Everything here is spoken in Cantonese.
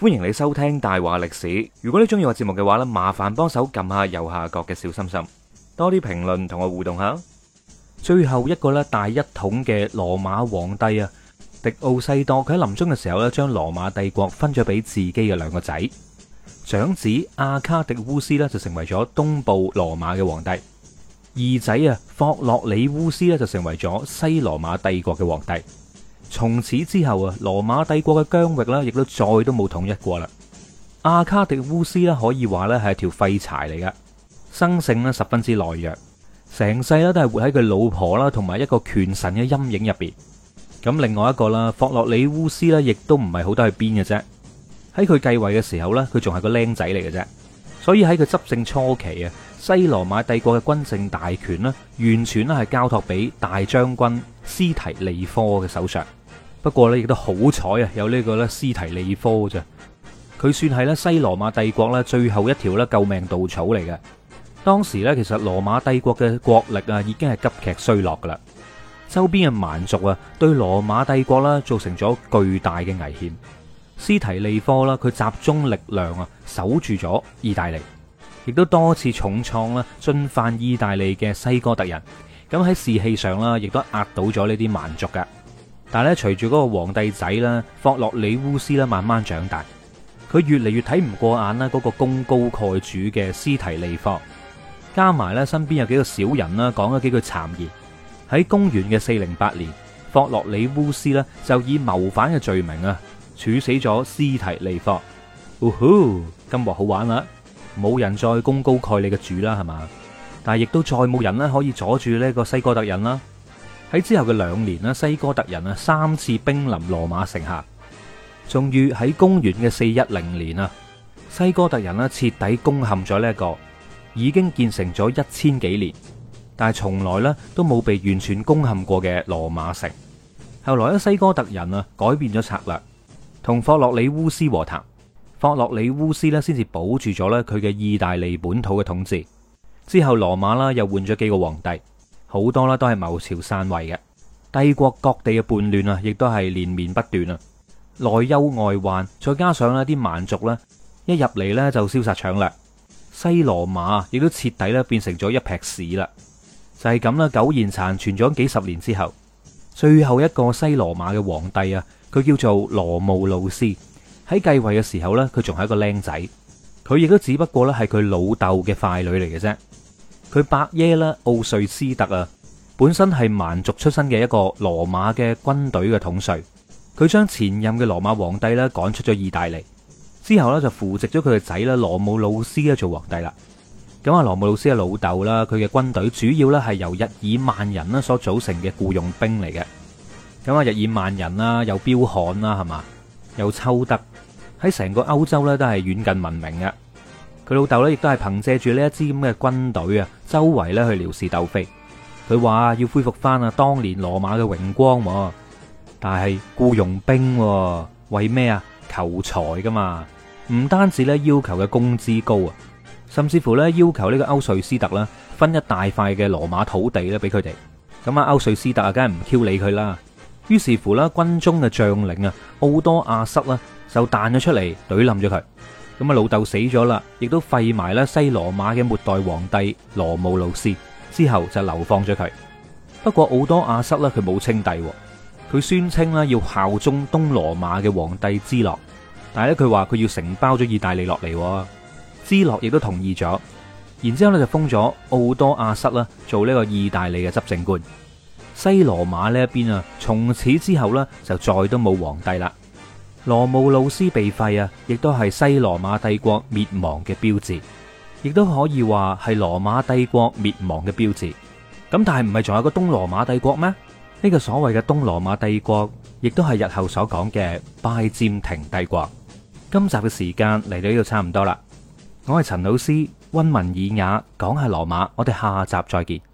歡迎你收聽大話歷史。如果你中意我節目嘅話呢，麻煩幫手撳下右下角嘅小心心，多啲評論同我互動下。最後一個呢，大一統嘅羅馬皇帝啊，迪奧西多，佢喺臨終嘅時候呢，將羅馬帝國分咗俾自己嘅兩個仔，長子阿卡迪烏斯呢，就成為咗東部羅馬嘅皇帝，二仔啊，霍洛里烏斯呢，就成為咗西羅馬帝國嘅皇帝。從此之後啊，羅馬帝國嘅疆域呢，亦都再都冇統一過啦。阿卡迪烏斯呢，可以話呢係條廢柴嚟嘅，生性咧十分之懦弱，成世咧都係活喺佢老婆啦同埋一個權臣嘅陰影入邊。咁另外一個啦，霍諾里烏斯呢，亦都唔係好得去邊嘅啫。喺佢繼位嘅時候呢，佢仲係個僆仔嚟嘅啫，所以喺佢執政初期啊，西羅馬帝國嘅軍政大權呢，完全咧係交託俾大將軍斯提利科嘅手上，不過呢亦都好彩啊，有呢個咧斯提利科嘅啫，佢算係咧西羅馬帝國咧最後一條咧救命稻草嚟嘅。當時呢，其實羅馬帝國嘅國力啊已經係急劇衰落噶啦，周邊嘅蠻族啊對羅馬帝國啦造成咗巨大嘅危險。斯提利科啦佢集中力量啊守住咗意大利，亦都多次重創啦進犯意大利嘅西哥特人。咁喺士氣上啦，亦都壓倒咗呢啲蠻族噶。但係咧，隨住嗰個皇帝仔啦，霍洛里烏斯啦慢慢長大，佢越嚟越睇唔過眼啦。嗰、那個功高蓋主嘅斯提利霍，加埋咧身邊有幾個小人啦，講咗幾句讒言。喺公元嘅四零八年，霍洛里烏斯呢，就以謀反嘅罪名啊，處死咗斯提利霍。嗚呼、uh，huh, 今鑊好玩啦，啊，冇人再功高蓋你嘅主啦，係嘛？但係，亦都再冇人咧可以阻住呢個西哥特人啦。喺之後嘅兩年啦，西哥特人啊三次兵臨羅馬城下，終於喺公元嘅四一零年啊，西哥特人啦徹底攻陷咗呢一個已經建成咗一千幾年，但係從來咧都冇被完全攻陷過嘅羅馬城。後來咧，西哥特人啊改變咗策略，同霍洛里烏斯和談，霍洛里烏斯咧先至保住咗咧佢嘅意大利本土嘅統治。之後羅馬啦，又換咗幾個皇帝，好多啦都係謀朝篡位嘅。帝國各地嘅叛亂啊，亦都係連綿不斷啊。內憂外患，再加上咧啲蠻族咧一入嚟呢就燒殺搶掠，西羅馬亦都徹底咧變成咗一劈屎啦。就係咁啦，苟延殘存咗幾十年之後，最後一個西羅馬嘅皇帝啊，佢叫做羅慕路斯。喺繼位嘅時候呢，佢仲係一個僆仔，佢亦都只不過咧係佢老豆嘅傀儡嚟嘅啫。佢伯耶啦奧瑞斯特啊，本身係蠻族出身嘅一個羅馬嘅軍隊嘅統帥，佢將前任嘅羅馬皇帝啦趕出咗意大利，之後咧，就扶植咗佢嘅仔啦羅姆魯斯啦做皇帝啦。咁啊，羅姆魯斯嘅老豆啦，佢嘅軍隊主要咧，係由日耳曼人啦所組成嘅僱傭兵嚟嘅。咁啊，日耳曼人啦有彪悍啦係嘛，有抽德喺成個歐洲咧都係遠近聞名嘅。佢老豆咧，亦都係憑借住呢一支咁嘅軍隊啊，周圍咧去撩事鬥非。佢話要恢復翻啊當年羅馬嘅榮光，但係僱傭兵，啊，為咩啊？求財噶嘛，唔單止咧要求嘅工資高啊，甚至乎咧要求呢個歐瑞斯特啦，分一大塊嘅羅馬土地咧俾佢哋。咁啊，歐瑞斯特啊，梗係唔 Q 理佢啦。於是乎咧，軍中嘅將領啊，奧多亞塞啦，就彈咗出嚟，懟冧咗佢。咁啊，老豆死咗啦，亦都廢埋啦西羅馬嘅末代皇帝羅姆路斯，之後就流放咗佢。不過奧多亞塞咧佢冇稱帝，佢宣稱啦要效忠東羅馬嘅皇帝芝諾，但係咧佢話佢要承包咗意大利落嚟，芝諾亦都同意咗。然之後咧就封咗奧多亞塞啦做呢個意大利嘅執政官。西羅馬呢一邊啊，從此之後呢就再都冇皇帝啦。羅姆路斯被廢啊，亦都係西羅馬帝國滅亡嘅標誌，亦都可以話係羅馬帝國滅亡嘅標誌。咁但係唔係仲有個東羅馬帝國咩？呢個所謂嘅東羅馬帝國，亦都係日後所講嘅拜占庭帝國。今集嘅時間嚟到呢度差唔多啦，我係陳老師，溫文爾雅講下羅馬，我哋下集再見。